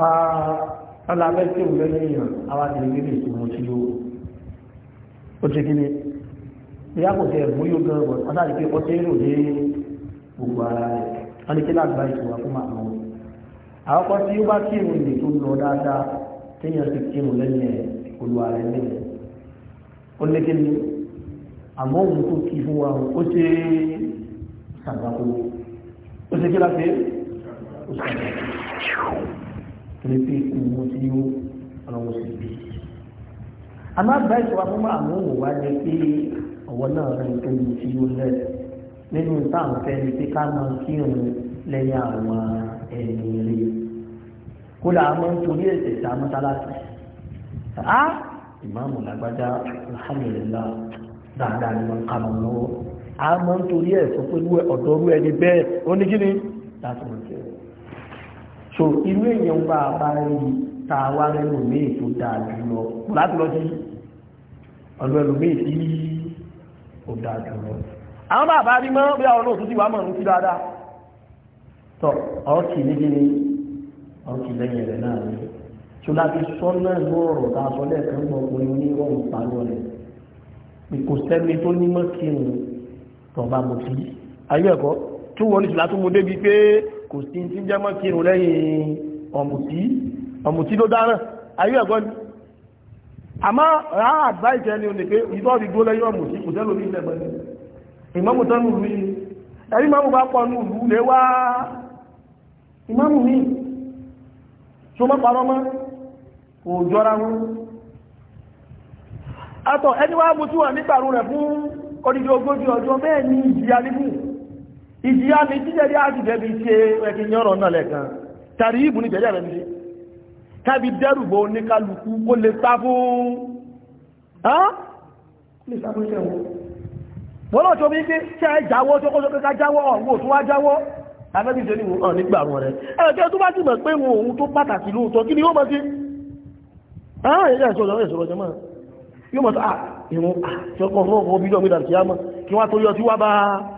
Ah, ọlábẹ́ tí ò lẹ́yìn èèyàn awádìí nílé ìṣòro tí ó ó ti kíni ìyá kò tẹ ẹ̀bùn yóò gan ọ̀gbọ̀n ọ̀dà ìpè ọtí rò dé gbogbo ara rẹ̀ wọ́n ní kí lágbá ìṣòro fún màmá wọn. àkọ́kọ́ tí ó bá kírun ìlè tó lọ dáadáa téèyàn ti kírun lẹ́yìn ẹ̀ olùwà rẹ̀ lẹ́yìn ó lé kí ni àmọ́ òun tó kí fún wa ó ṣe sàgbàkó ó ṣe kí láti ó sàgbàkó pé owó tí ó ọlọ́wọ́ sí bí. àmọ́ àgbà ìṣòwò afọ́mọ́ àwọn òwò wá ní pé ọ̀wọ́ náà rẹ̀ tó wù tí ó lẹ̀ nínú táwọn fẹ́ ni pé ká máa kírun lẹ́yìn àwọn ẹni rẹ̀ kódà àmọ́ nítorí ẹ̀sẹ̀ tá a mọ́sálásì á ìmáàmù làgbájá alhamdulilah dáadáa ni wọ́n ń kà mọ́ lọ́wọ́ àmọ́ nítorí ẹ̀sọ́ pé ọ̀dọ́rú ẹni bẹ́ẹ̀ ó ní kí ni láti mọ̀ sí ọ so irú èèyàn bá a bá rí ta wá rẹ́nu míì tó dáa jùlọ láti lọ sí ọ̀dọ̀ ẹlòmíì tí ó dáa jùlọ àwọn bá a bá rí mọ́ bí àwọn náà tó ti wá mọ̀ ní sí dáadáa tọ́ ọ̀kì níbi ni ọ̀kì lẹ́yìn rẹ̀ náà ni tó láti sọ náà lọ́rọ̀ tá a sọ lẹ́ẹ̀kan mọ́ ọkùnrin onírọ̀rùn pàlọ́ rẹ̀ kò sẹ́ni tó ní mọ́ kírun tọ́ba mo ti ayé ẹ̀kọ́ tó wọlé ìṣúná tó mo débi pé kò sí tí jẹ́mọ́ kírun lẹ́yìn ọ̀mùtí ọ̀mùtí ló dáná ayé ẹ̀gọ́ ni àmọ́ ra àgbáìjẹ́ ni òní pé ìtọ́ ti gbó lẹ́yìn ọ̀mùtí kò tẹ́lò ní ilẹ̀ gbọ́dọ̀ ìmọ̀mù tán nù lùí ẹ̀rí mọ́mù bá pọ̀ nù lù lé wá ìmọ̀mù mi tó mọ́ parọ́ mọ́ kò jọra wọn àtọ̀ ẹni wá mutí wà nígbàrú rẹ̀ fún odidi ogójì ọjọ́ bẹ́ẹ̀ ni ìjìyà nígbù ìjìyà ni jíjẹ̀rí àjíjẹ̀bí ṣe ẹ̀kì yọ́rọ̀ náà lẹ́kan tàrí ìbù ní jẹ̀rẹ̀ ní kábi dẹ́rùgbò oníkálùkù kó lè sá fún bọ́lọ̀ tó bí pé ṣe jáwọ́ tó kó sókè ká jáwọ́ ọ̀wọ́ tó wá jáwọ́ afẹ́bíṣẹ́ ní ọ̀n nígbà ni yóò mọ̀ sí ààrẹ ìṣòro ìṣòro jẹ́ mọ́ yóò mọ̀ sí ààrẹ ìṣòro ìṣòro ìṣòro ìṣòro ìṣòro ìṣòro ìṣòro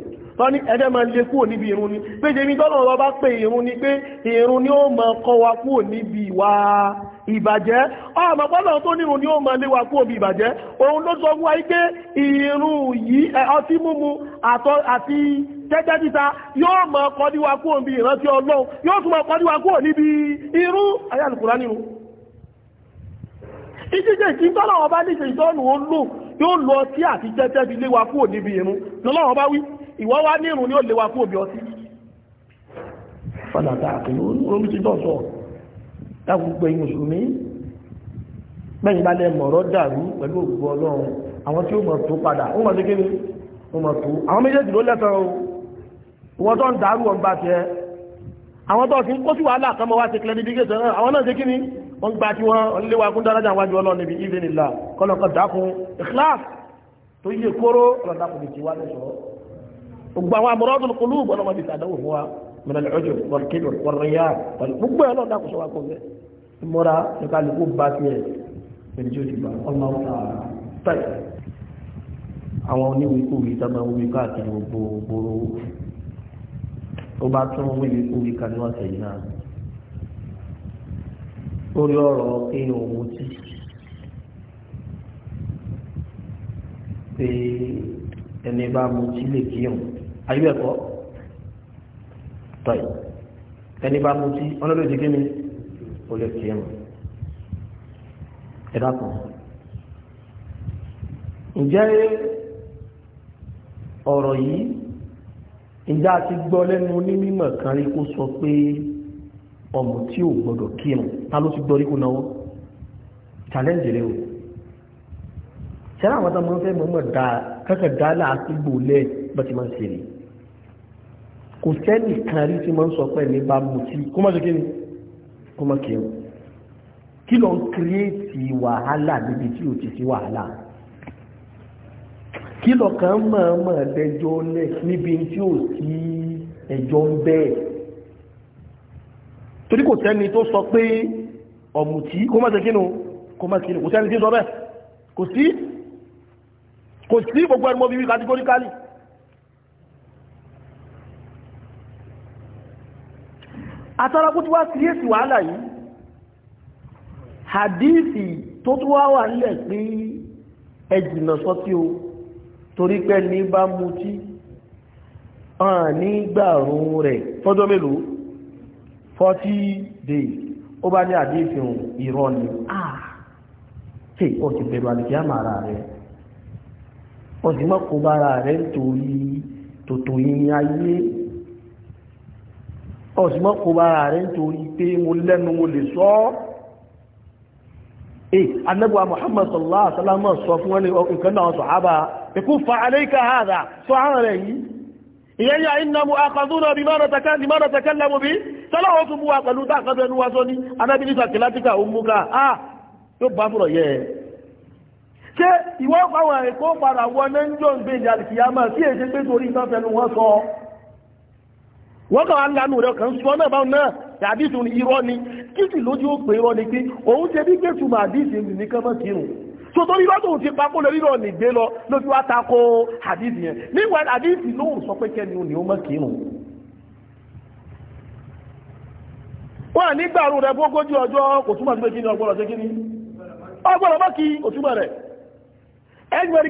tọ́ ní ẹ̀dẹ́ máa lè kúrò níbi ìrun ni pé jẹ́mi tọ́lọ̀ bá pé ìrun ni pé ìrun ni ó máa kọ́ wa kúrò níbi ìwà ìbàjẹ́ ọmọ mọ tó nírun ni ó máa lé wa kúrò níbi ìbàjẹ́ òun ló sọ wa pé ìrun yìí ọtí múmu àti tẹ́tẹ́ títa yóò kọ́ ní wa kúrò níbi ìrántí Ọlọ́run yóò ọba ó lò yóò lọ sí àti tẹ́tẹ́ ìwọ wá ní ìrùn ní ó léwa fún òbí ọtí fàdàtà àkùnrin olómi ti tọ́ sọ dágbùgbẹ́ mùsùlùmí bẹ́yìn mọ̀rọ̀ dàrú pẹ̀lú ògbò ọlọ́run àwọn tí ó mọ̀ tó padà ó mọ̀ sí kí ni ó mọ̀ tó àwọn méjèèjì ló lẹ́tọ̀ọ́ o ìwọ́n tó ń dàrú ọ̀n bá tiẹ̀ àwọn tó ti ń kó sí wàhálà kan mọ́ wá ti kílẹ̀ níbi gẹ̀ẹ́sẹ̀ náà àwọn náà sí kí ni wọ́n gba tí wọ́n léwa kún dáradà wájú ọlọ́run níbi ìdí nìlá kọ́lọ́kọ́ dákun ikhlas tó yẹ kóró ọlọ́dàkùn ti wá lẹ́sọ̀ọ́ gbogbo àwọn amradul qulub bọ́lá wọn هو من العجب wa min al-ujub wal-kibr wal-riya' gbogbo ẹ̀ náà dákú sọ wa kó bẹ́ẹ̀ mọ́ra nípa lùkú bá tiẹ̀ ìrìnjò ti gbà ọmọ ọ̀tá tẹ̀ àwọn oníwèékúwèé tá máa ń wí káàkiri gbogbogbòrò ó bá tún wíwèékúwèé kan ní ọ̀sẹ̀ yìí náà lórí ọ̀rọ̀ kéèyàn òun tí pé ẹni bá mu tí lè kíyàn ayé ẹ̀kọ́ tọ́yì ẹni bá mú tí ọlọ́dọ̀ ti gẹ́mi ó lè kí ẹ̀mọ̀ ẹ̀dá kan ǹjẹ́ ọ̀rọ̀ yìí ǹjẹ́ a ti gbọ́ lẹ́nu onímọ̀ kan rí kó sọ pé ọmọ tí ò gbọ́dọ̀ kí ẹ̀mọ̀ ta ló ti gbọ́ rí kó náwó challenge rẹ o ṣẹ́ra àwọn tó máa ń fẹ́ mọ̀ mọ̀ dáa kẹ́kẹ́ dáa láàásìgbò lẹ́ẹ̀ bá ti máa ń ṣe rèé kò sẹ́nì kan rí tí ma ń sọ pé ní mú sí kó má kí ni kó má kí ni kí ló ń kírètì wàhálà níbi tí ò ti sí wàhálà kí ló kàn máa máa dẹjọ́ lẹ̀ níbi tí ò sí ẹjọ́ ń bẹ́ẹ̀ torí kò sẹ́ni tó sọ pé ọ̀mùtí kó má ṣe kí ni kò sẹ́ni tí sọ bẹ́ẹ̀ kò sí gbogbo ẹni mọ́ kátígóríkálì àtàrà kó tí wá kíyèsí wàhálà yìí hadithi tó tó wá wà nílẹ̀ pé ẹjìnà sọ́tí o torí pé ní bá mú tí ọ̀n nígbàrún rẹ̀ fọ́jọ́ mélòó 40 days ó bá ní hadithi ìrọ́ ni ah tí ó ti bẹ̀rù àdìkí àmàrà rẹ̀ ó sì rẹ̀ nítorí tòtò yìnyín ayé ọ̀sùnmọ́ kò bára rẹ̀ nítorí pé mo lẹ́nu mo lè sọ ọ́ eh annabuwa muhammad sallallahu alaihi wasallam sọ fún wọn nǹkan náà sọ ábà ikú fa alayka hadha sọ àwọn rẹ̀ yìí ìyẹn yà iná mu akọ̀dúnà bí mọ́rọ̀ tẹ̀kẹ́ lẹ́mú bí sọ́lọ́wọ́ tún mú wọ́n kàn án lanu rẹ̀ kàn sọ náà báwọn náà tàbí sùn irọ́ ni títì lójú ó pè irọ́ ni pé òun ṣe bí kéṣù mà àdìsí ní kán mọ́ kírun sọtọ́ irọ́ tó ti pa kó lórí rọ̀ nìgbé lọ lójú wa ta ko àdìsí yẹn nígbà àdìsí lóhùn sọ pé kẹ́ni ò ní ó mọ́ kírun wọ́n nígbà àrùn rẹ̀ fógójì ọjọ́ kò túnmà sí pé kí ni ọgbọ́rọ̀ sí kí ni ọgbọ́rọ̀ mọ́ kí òtúmọ̀ rẹ̀ ẹgbẹ̀rí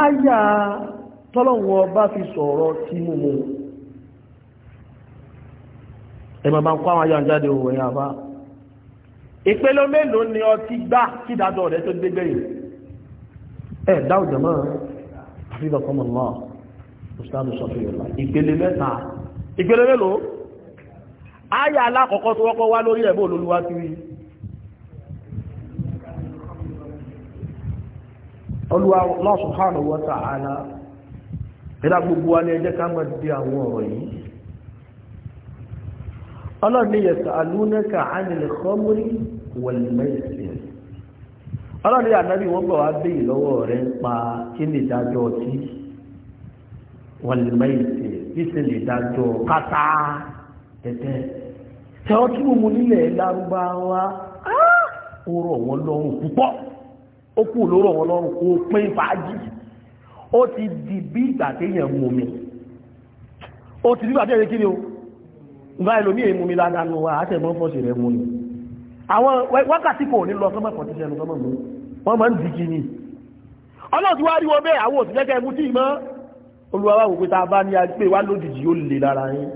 áyà tọ́lọ̀wọ́ bá fi sọ̀rọ̀ tí mú mú ẹmọ bá ń kọ́ àwọn ayáwọn òwò ẹ̀yà bá ìpele mélòó ni ọtí gbá kí dájọ́ rẹ̀ tó gbégbé yìí ẹ̀ dáhùn jẹ̀mọ́ àfihàn kọ́mọ̀ náà mùsùlùmí sọ fún yọ̀lá mélòó áyà alákọ̀ọ́kọ́ tó wọ́pọ̀ wá lórí ẹ̀bọ́ olólùwá ti rí olúwa Allah subhanahu wa ta'ala ìlà gbogbo wa ní ẹjẹ́ ká mọ̀ di àwọn ọ̀rọ̀ yìí ọlọ́ni yas'alunaka 'anil khamri wal maisir ọlọ́ni ànábì wọ́n bọ̀ wá béè lọ́wọ́ rẹ̀ ń pa kí ni ìdájọ́ ó kù lóró wọn lọ́rùn kó pín fàájì ó ti di bí ìgbà téèyàn mú omi ó ti di bí ìgbà téèyàn kí ni o ìgbà ẹlòmíì èèmú mi ládàá nù wá àtẹ̀mọ́ fọ́ọ̀sì rẹ̀ mú ni àwọn wákàtí kò ní lọ sọ́mọ́ kọ̀tíṣẹ́ lọ sọ́mọ́ mú wọ́n máa ń dìkì ni ọlọ́tí wá rí wọn bẹ́ẹ̀ àwọn òsìlẹ́kẹ́ ẹmú tí ìmọ́ olùwàwà òpin ta bá ní agbé wá lójijì ó lè lára yín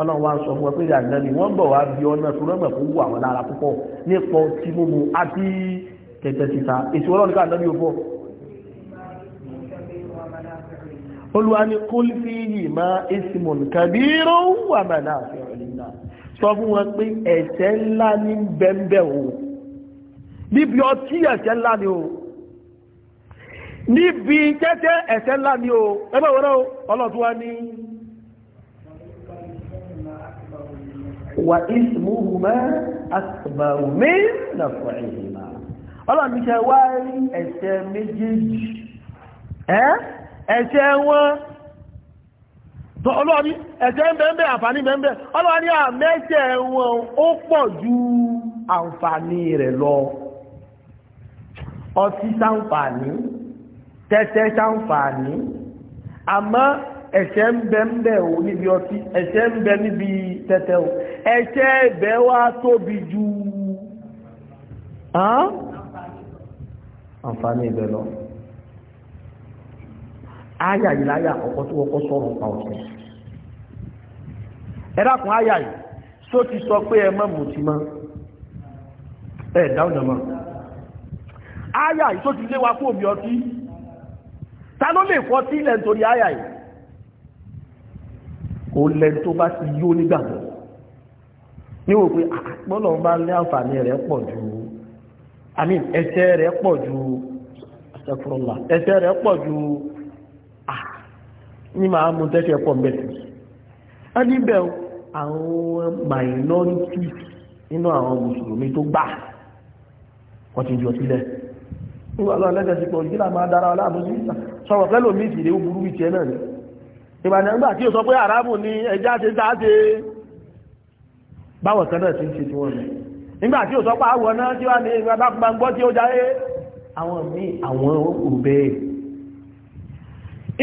ọlọ́run wá sọ fún ẹ pé ìyá ìnáni wọ́n bọ̀ wá bí ọ̀nà tó rọ́mọ̀ fún wù àwọn lára púpọ̀ nípa ọtí mímu àti tẹ́tẹ́ síta èsì wọ́n lọ́nà àdábí òfò olúwa ni kúl fi yìí ma ismun kabiru wà mẹ́lá àfihànlá sọ fún wọn pé ẹ̀ṣẹ̀ ńlá ní bẹ́ẹ̀bẹ́ o níbi ọtí ẹ̀ṣẹ̀ ńlá ni o níbi tẹ́tẹ́ ẹ̀ṣẹ̀ ńlá ni o ẹgbẹ́ wọ́n náà ọlọ́túnwá ní wà ismuhuma min naf'ihi ọlọ́run ní kẹ́ wá rí ẹ̀ṣẹ̀ méjèèjì ẹ̀ṣẹ̀ wọn ọlọ́run ní ẹ̀ṣẹ̀ bẹ́ẹ̀ àǹfààní bẹ́ẹ̀ ọlọ́run ní àmẹ́ṣẹ̀ wọn ó pọ̀ ju àǹfààní rẹ̀ lọ ọtí sáǹfààní tẹ́tẹ́ sáǹfààní àmọ́ ẹ̀ṣẹ̀ ń ò níbi ọtí ẹ̀ṣẹ̀ ń níbi tẹ́tẹ́ ò ẹ̀ṣẹ̀ wá tóbi ju. Huh? àǹfààní ibẹ̀ lọ. Áyà yìí láyà àkọ́kọ́ tó kọ́kọ́ sọ̀rọ̀ pa ọ̀sẹ̀. Ẹ dákun áyà yìí, só ti sọ pé ẹ má mutí mọ́. Ẹ dáhùn náà mọ́. Áyà yìí só ti lé wa fún omi ọtí. Ta ló lè fọ́ sí ilẹ̀ nítorí áyà yìí? Kò lẹ́ni tó bá ti yó nígbàgbọ́. Ní wò pé àpọ́nlọ́run ah, ah, bá lé àǹfààní rẹ̀ pọ̀ jù ú àmì ẹsẹ̀ rẹ̀ pọ̀ ju astaghfirullah ẹsẹ̀ rẹ̀ pọ̀ ju ah, ní máa mú tẹ́sẹ̀ pọ̀ mẹ́sì a níbẹ̀ àwọn minority nínú àwọn mùsùlùmí tó gbà wọ́n ti jọ sílẹ̀ nígbà lọ lẹ́sẹ̀ sí pọ̀ ìdílà máa dára aláàbò sí ìsà sọ̀rọ̀ pẹ́lú mi ìsìlẹ̀ ó burú ìtì ẹ̀ náà ni ìbàdàn nígbà tí ó sọ pé aráàbù ni ẹjá ṣe dáṣe báwọn kan náà ti ń ṣe tí wọ́n rẹ̀ nígbà tí ò sọ pé àwọn náà tí wà ní ìgbà bá gbọ́ tí ó jáyé àwọn míì àwọn òkú bẹ́ẹ̀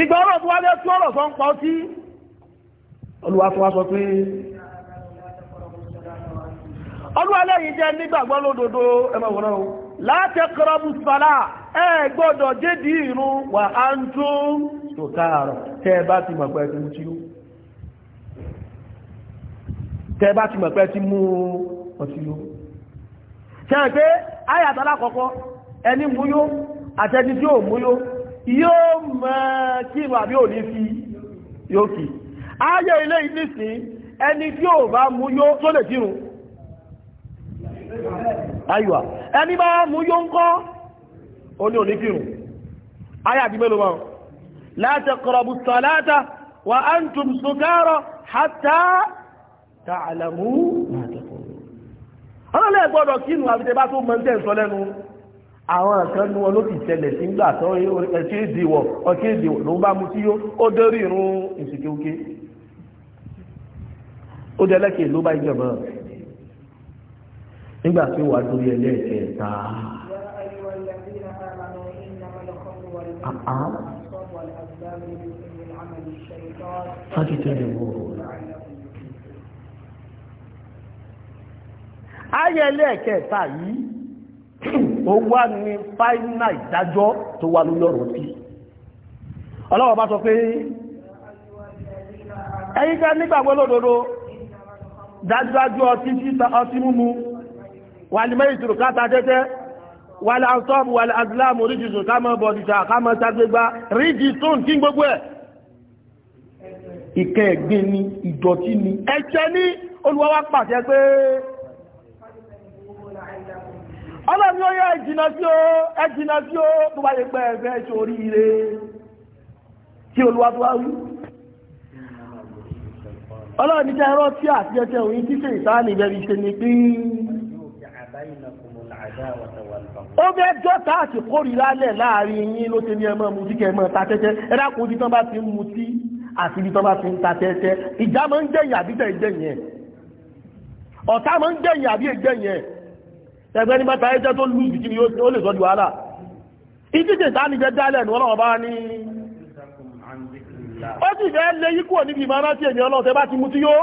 ìgbà ọ̀rọ̀ tó wá lé tí ọ̀rọ̀ sọ ń pa ọtí olúwa tó wá sọ lẹ́yìn jẹ́ nígbàgbọ́ lódodo ẹmọ̀wòrán o látẹ́kọrọ̀bù sọ́lá ẹ gbọ́dọ̀ jẹ́dì ìrun wà á ń tún tòkààrọ̀ ti mọ̀ pẹ́ ṣẹ́rẹ̀ pé ayàtọ́lá kọ̀kọ́ ẹni múyó àtẹ́jú tí ó múyó yóò mọ̀ kí ìwà bí ò ní fi yóò kì ayé ilé ìdísìn ẹni tí ó bá múyó tó lè kírun ayùwà ẹni bá múyó ń kọ́ ó ní òní kírun mélòó mọ́ la taqrabu salata wa antum sukara hatta ta'lamu ọlọ́lẹ́ gbọ́dọ̀ kínú àbíjẹ́ bá tó mọ́ntẹ́ sọ lẹ́nu àwọn kan ní wọn ló ti tẹ̀lẹ̀ sí ńgbà tó ẹ̀kí ìdìwọ̀ ọ̀kí ìdìwọ̀ ló ń bá mu tí yó ó dérí irun ìsìnkéwóké ó dẹ́lẹ́kẹ̀ ló bá ìjọba nígbà tí wàá torí ẹlẹ́ẹ̀kẹta Fájú tẹ́lẹ̀ wọ́n. ayẹlẹ́ ẹ̀kẹta yìí ó wá ní fáínà ìdájọ́ tó wà lórí ọ̀rọ̀ sí bá sọ pé ẹyí ká nígbàgbọ́ lódodo dájúdájú ọtí ọtí múmu wà ní tòrò káta tẹ́tẹ́ wà ní wà ní àdìláàmù kámọ́ kámọ́ ọlọ́ni ó yá ẹ̀jìnà sí ó ẹ̀jìnà sí ó tó bá yẹ pé ẹ̀fẹ́ sórí ire tí olúwa tó wá wí ọlọ́ni jẹ́ ẹ̀rọ tí àtijọ́jẹ́ òyìn tí ṣe ìsáàlì ìbẹ̀rù ṣe ni pé ó bẹ́ jọ́ta àti kórìíra lẹ̀ láàrin yín ló ṣe ní ẹmọ́ mutí kẹmọ́ ta tẹ́tẹ́ ẹ̀dá kò ibi tán bá ti ń mutí àti ibi tán bá ti ń ta tẹ́tẹ́ ìjà máa ń jẹ̀yìn àbí jẹ̀yìn ọ̀tá máa ń jẹ̀yìn àbí jẹ̀yìn ẹgbẹ́ nígbà tá ẹjẹ́ tó lù jù kí ni ó lè sọ di wàhálà ìdíje sáàni jẹ́ dálẹ̀ ní ọlọ́run bá ní ó sì fẹ́ lé yí kúrò níbi ìmọ̀ aráṣẹ́ ènìyàn ọlọ́run tẹ́bá ti mutí yóò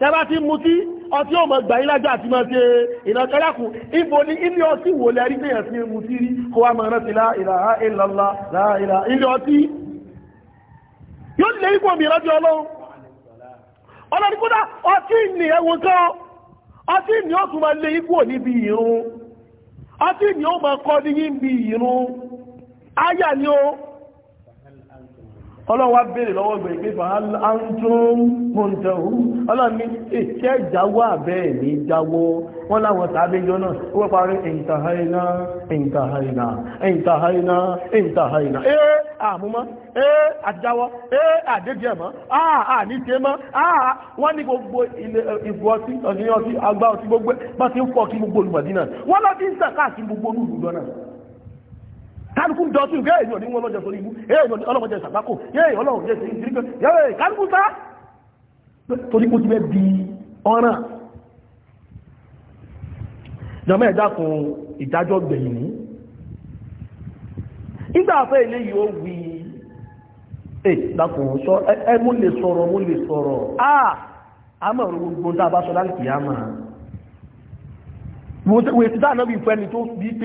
tẹ́bá ti mutí ọtí ò mọ̀ gbà yín lájọ́ àti mọ̀ ṣe ìnàkẹ́lẹ́kùn ibo ni ilé ọtí wò lẹ́rí téèyàn sí mutí rí kó wá mọ̀ rántí láìláha ìlàlá láìlá ilé ọtí yóò lé yí kúrò mìíràn ọlọ́run ọlọ́run kódà ọtí ìnìyàn wọn kan ọtí ni ó tún máa lé yín kúrò níbi ìrun ọtí ni ó máa kọ́ níyìn bí ìrun áyà ni ó ọlọ́run wá béèrè lọ́wọ́ gbẹ̀ pé fàáńtún mọ̀ntẹ̀hù ọlọ́run ní iṣẹ́ eh, ìjáwọ́ àbẹ́ ní jáwọ́ wọ́n láwọn tàbí jọ náà ó wọ́n parí ìntàhàìnà ìntàhàìnà ìntàhàìnà ìntàhàìnà ẹ́ eh, àmúmọ́ ẹ́ eh, àjáwọ́ ẹ́ àdéjẹ̀mọ́ àà ní ṣe mọ́ àà wọ́n ní gbogbo ìbò ọtí ọ̀nìyàn ọtí agbá ọtí gbogbo bá ti ń fọ́ kí gbogbo olùmọ̀dínà ń dọ̀tí nǹkan èyí ò ní wọ́n lọ́jọ́ sórí ibú èyí ọlọ́mọdé ṣàgbákò èyí ọlọ́run jẹ́ sẹ́yìn tìrí yẹ́rẹ́ kálùkùsá torí di ọ̀ràn jọmọ ẹ̀dá fún ìdájọ́ gbẹ̀yìn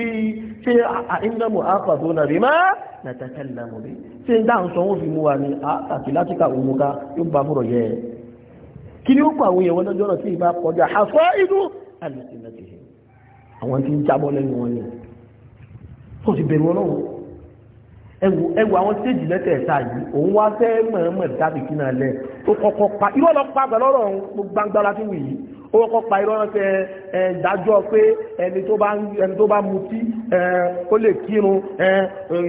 ní a ṣé àìndàmù àpàdó náà rí máa nàtàkàlìlàmù rí ṣé ń dáhùn sọ wọ́n fi mú wa ní àtàkì láti ka òun ká yóò bá fúrọ̀ yẹ kí ni ó kọ àwọn èèyàn wọn lọ́jọ́ náà tí ìbá kọjá àfọ́ inú àlùsìnàtì àwọn tí ń jábọ́ lẹ́nu wọn ni ó ti ó kọ́kọ́ pa irọ́ ránṣẹ́ ẹ ìdájọ́ pé ẹni tó bá ẹni tó bá mutí ẹ ó lè kírun ẹ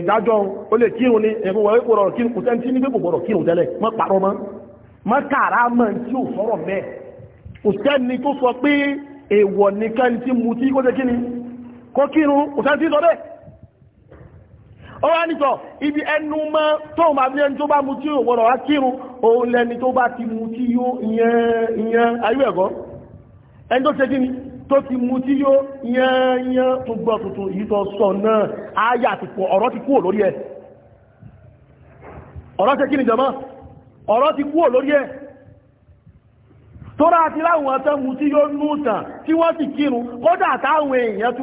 ìdájọ́ ó lè kírun ní ẹ̀fún wọ́n kò rọrùn kírun kò sẹ́ni tí ní pé kò gbọ́dọ̀ kírun tẹ́lẹ̀ mọ́ parọ́ mọ́ mọ́ kàrá mọ́ tí ò sọ̀rọ̀ bẹ́ẹ̀ kò sẹ́ni tó sọ pé èèwọ̀ nìkan tí mutí kó jẹ́ kí ni kó kírun kò sẹ́ni tí sọ bẹ́ẹ̀ ó wá nìtọ̀ ibi ẹnu mọ́ tóun bá bí ẹni tó bá mutí ò gbọ́dọ̀ wá kírun òun lẹni tó bá ti mutí yó ìyẹn ìyẹn ayé ẹ̀gọ́ ẹni ṣe tó ti mú tí yóò yányán tó gbọ́ tuntun yìí sọ náà ayà ti pọ̀ ọ̀rọ̀ ti kúrò lórí ẹ̀ ọ̀rọ̀ ṣe jọmọ́ ọ̀rọ̀ ti kúrò lórí ẹ̀ tóra ti láwọn ọ̀tẹ́ mú tí yóò nú tí wọ́n sì kírun kódà táwọn èèyàn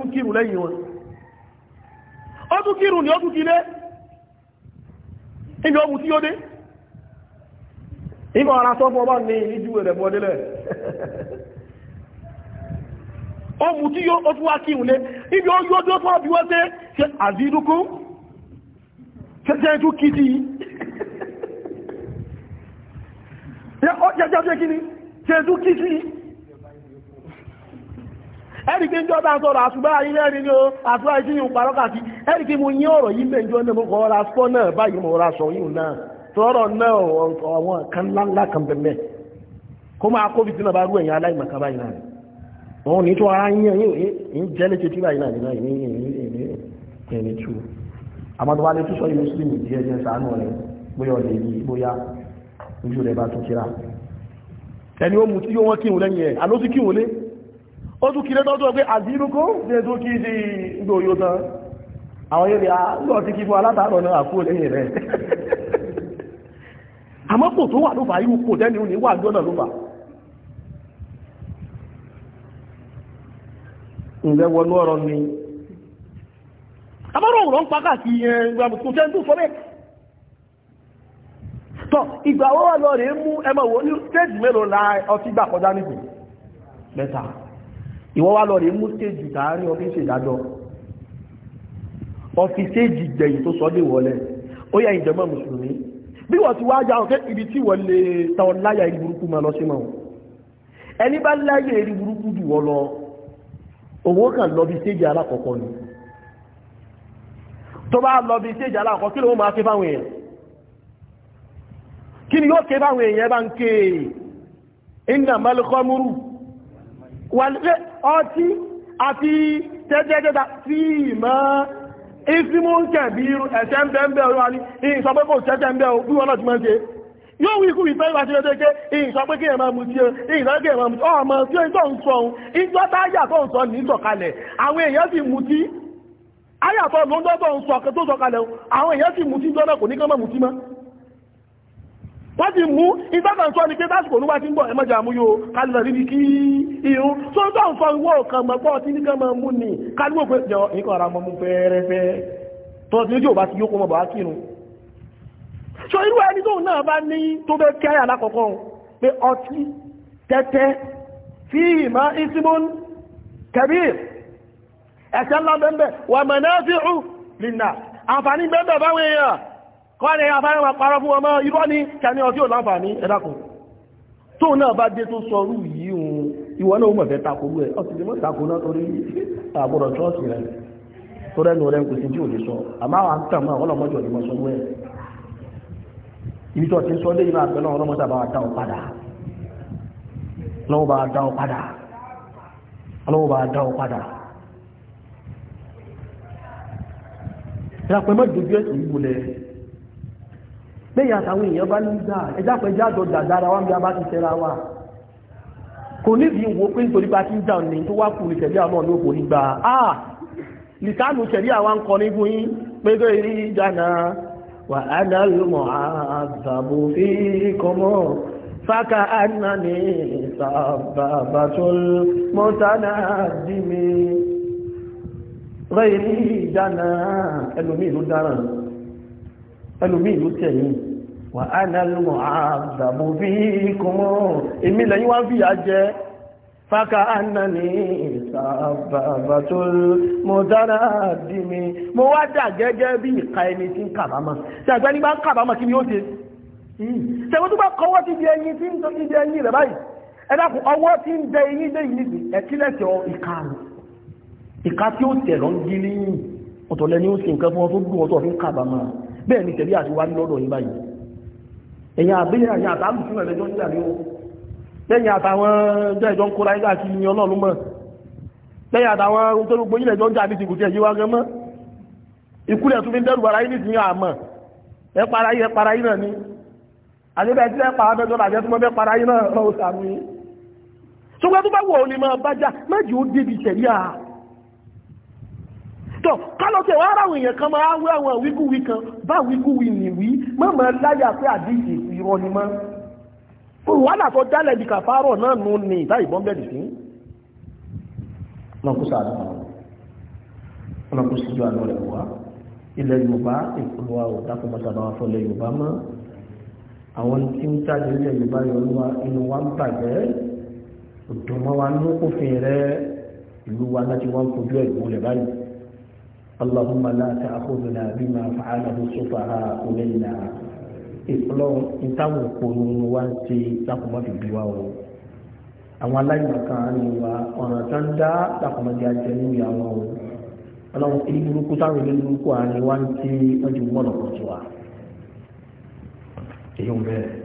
ó mú tí yóò tún wá kí ìwúlé ibi ó yóò tó tọ́ bí wọ́n tẹ́ ṣe àzídúkú ṣẹ́jẹ́ tó kí sí ẹ̀rìkí ń jọba sọ̀rọ̀ àṣùgbà ilẹ̀ rí ní o àṣùgbà ìṣí ìhùn pàrọ́kàtí ẹ̀rìkí mo yí ọ̀rọ̀ yí mẹ́jọ ní mọ́kọ̀ ọ̀rọ̀ aṣọ́ náà báyìí mọ̀ ọ̀rọ̀ aṣọ́ yìí náà tọ́rọ̀ náà àwọn kan láńlá kan bẹ̀mẹ́ kó máa kó wọn ní tó ara yíyan yíò ń jẹ́ léṣe tí báyìí náà nínú ìní tú àmọ́tọ́ wá lé tó sọ ìlú sílìmù díẹ̀ jẹ́ sàánú rẹ̀ bóyá ọ̀lẹ̀ yìí bóyá ojú rẹ̀ bá tún kíra ẹni ó mú tí yóò wọ́n kí òun lẹ́yìn ẹ̀ aló sí kí òun lé ó tún kí lẹ́tọ́jọ́ pé àdínúkó ṣe tó kí sí ìgbò yóò tán àwọn yóò rí a lọ sí kí fún alátàrọ̀ náà àkúrò lẹ́yìn rẹ̀ àmọ́pò tó wà ló fà irú pò tẹ́ni ò ní wà lọ́nà ló fà ìrẹ́ wọnú ọ̀rọ̀ mi abọ́rọ̀ òwúrọ̀ ń pàkà sí ìgbàmùsùn tó sọ bẹ́ẹ̀ tọ́ ìgbà wọ́wọ́ lọ rẹ̀ mú ẹmọ wo ní stéèjì mélòó la ọtí gbà kọjá nìkú mẹ́ta ìwọ́ wá lọ rẹ̀ mú stéèjì tààrí ọfíìsì ìdájọ́ ọfíìsì ìgbẹ̀yìn tó sọ dé wọlé ó yẹ ìjọba mùsùlùmí bí wọ́n ti wá já ọ̀kẹ́ ibi tí wọ́n lè tan láyà ìburúkú máa lọ sí mọ́ ẹni bá láyà ìburúkú jù wọ́n lọ owó kan lọ bí alákọ̀ọ́kọ́ ni tó bá lọ bí stéjì alákọ̀ọ́kọ́ kí ló máa ké fáwọn èèyàn kí ni yóò ké fáwọn èèyàn bá ń ké iná mẹ́lẹ́kọ́múrù wàlẹ́ ọtí àti tẹ́tẹ́tẹ́ta sí ìmọ̀ ìsímú kẹ̀bí ẹ̀ṣẹ́ ń bẹ́ẹ̀ bẹ́ẹ̀ yóò wí ikú ìfẹ́ ìwàtí lọ́dẹ́gẹ́ ìṣọ́pẹ́kẹ́ ẹ̀mà mú tí ó ìṣọ́pẹ́kẹ́ ẹ̀mà mú tí ó ọmọ tí ó ń tọ́ ń sọ ohun ìjọ́ táyà tó ń sọ ní ìsọ̀kalẹ̀ àwọn èèyàn sì mú tí ayàtọ̀ lóńdọ́ tó ń sọ tó sọ̀kalẹ̀ àwọn èèyàn sì mú tí jọ́nà kò ní kán mọ̀ mú tí mọ́ wọ́n ti mú ìtọ́kàn sọ ní pé lásìkò níwá tí ń bọ̀ ẹmọ́jà àmúyò kálùlọ̀ níbi kí irun tó ń tọ́ ń sọ ìwọ́ ọ̀kan mọ̀pọ̀ tí ní kán mọ̀ mú ní kálùwò pé jọ ìkọ̀ ara mọ̀ mú fẹ́ẹ́rẹ́fẹ́ tọ́ ti ní jò bá ti yókù mọ̀ bá kírun so irú ẹni tóun náà bá ní tó bẹ́ kí àyà lákọ̀ọ́kọ́ pé ọtí tẹ́tẹ́ fi ìmọ̀ ismun kabir ẹ̀ṣẹ̀ ńlá bẹ́ẹ̀ wà manafi'u linnas àǹfààní bẹ́ẹ̀ báwọn èèyàn kọ́ ni àfáàrí wọn parọ́ fún ọmọ irọ́ ní kẹni ọtí ò láǹfààní ẹ̀dàkùn tó náà bá dé tó sọrú yìí ohun ìwọ náà mọ̀ fẹ́ takorú ibi tó ti sọ dé ìlú àgbẹ̀ náà ọlọ́mọ sábà dá ọ padà ọlọ́wọ́ bá dá ọ padà ọlọ́wọ́ bá dá ọ padà. ìyàpẹ̀ mọ́jú ojú ẹ̀sìn ìbò lẹ̀ lẹ́yìn àtàwọn èèyàn bá ní gbà ẹjá pẹ̀ já àjọ dàdára wá ń bí a bá ti tẹ́ra wa kò ní bí wo pé nítorí bá ti ń jà ní tó wá kù ní àwọn ọ̀nà òkò nígbà ah nìkánù tẹ̀lé àwọn ń kọ ní fún yín pé وأنا المعذب فيكم فكأنني سبابة المتنادم غيري دنا ẹlòmí ìlú dáràn ẹlòmí ìlú tẹ̀yìn wà á nà lùmọ̀ àdàbò bí kùnmọ́ èmi lẹ́yìn wá fìyà jẹ fáka ánà ní sàbàbàtòl mọ̀dára àdìmí mo wá dà gẹ́gẹ́ bí ìka ẹni tí ń kàbámà ṣàgbẹ́ nígbà ń kàbámà kí ni ó ṣe hmm. ṣẹ̀wọ́n tó bá kọwọ́ ti di ẹyin tí ń tó ti di ẹyin rẹ̀ báyìí ẹ̀dàkù ọwọ́ tí ń bẹ ẹyin dé yìí nìsí ẹ̀kílẹ̀ṣẹ̀ ìka rẹ̀ ìka tí ó tẹ̀ lọ ń gí níyìn ọ̀tọ̀lẹ́ ni ó ṣe nǹkan fún ọ tó dùn ọ tó fi kàbámà bẹ́ẹ̀ ni tẹ̀lé àti wá ní lọ́dọ̀ yìí báyìí ẹ̀yìn àbílẹ̀ àyà àtàlù fún ẹ̀lẹ́jọ́ nígbà ní ó lẹ́yìn àtàwọn ẹjọ́ ń kóra ẹgbẹ́ àti ìyẹn ọlọ́run mọ́ lẹ́yìn àtàwọn ohun tó gbogbo ilẹ̀ jọ ń jà ní ti kò tí ẹ̀ yíwá gan mọ́ ìkúlẹ̀ tún fi ń dẹ́rù ara yín nísìnyí àmọ́ ẹ para yín ẹ para yín náà ni àdébẹ̀ tí ẹ pa abẹ́jọ́ làjẹ́ tí wọ́n fẹ́ para yín náà lọ́wọ́ sàmú yín ṣùgbọ́n tó bá wọ̀ ọ́ ni máa bá já méjì ó débi tẹ̀lé à tọ́ kálọ́tẹ̀ wá ara àwọn èèyàn kan máa wé àwọn àwíkúwí kan bá àwíkúwí nìwí má máa láyà pé àdéhìí ìrọ̀ ni mọ́ wàhálà tó dálẹ̀ bí kàfárọ̀ náà nù ní ìta ìbọn bẹ́ẹ̀ náà kó sáà lọ́wọ́ ọ̀nà kó síjú àná rẹ̀ wá ilẹ̀ yorùbá ìpolówá ò dákun bá sábà wá fọlẹ̀ yorùbá mọ́ àwọn tí ń jáde ilẹ̀ yorùbá yorùbá inú wa ń bàjẹ́ òdùnmọ́ wa ní òfin rẹ̀ ìlú wa láti wọ́n kojú ẹ̀ gbọ́lẹ̀ báyìí اللهم لا تأخذنا بما فعله السفهاء منا ìpolówó ìtàwọn òkòrò wa ń ṣe dákun àwọn aláìmọ̀kan ní wa ọ̀nà tó ń dá dàpọ̀mọ́dé ajẹ́ níbi àwọn ohun ọlọ́run tí burúkú táwọn ilé burúkú àárín wa ń tí wọ́n ti mú pọ̀ sí wa èyí ń bẹ́ẹ̀.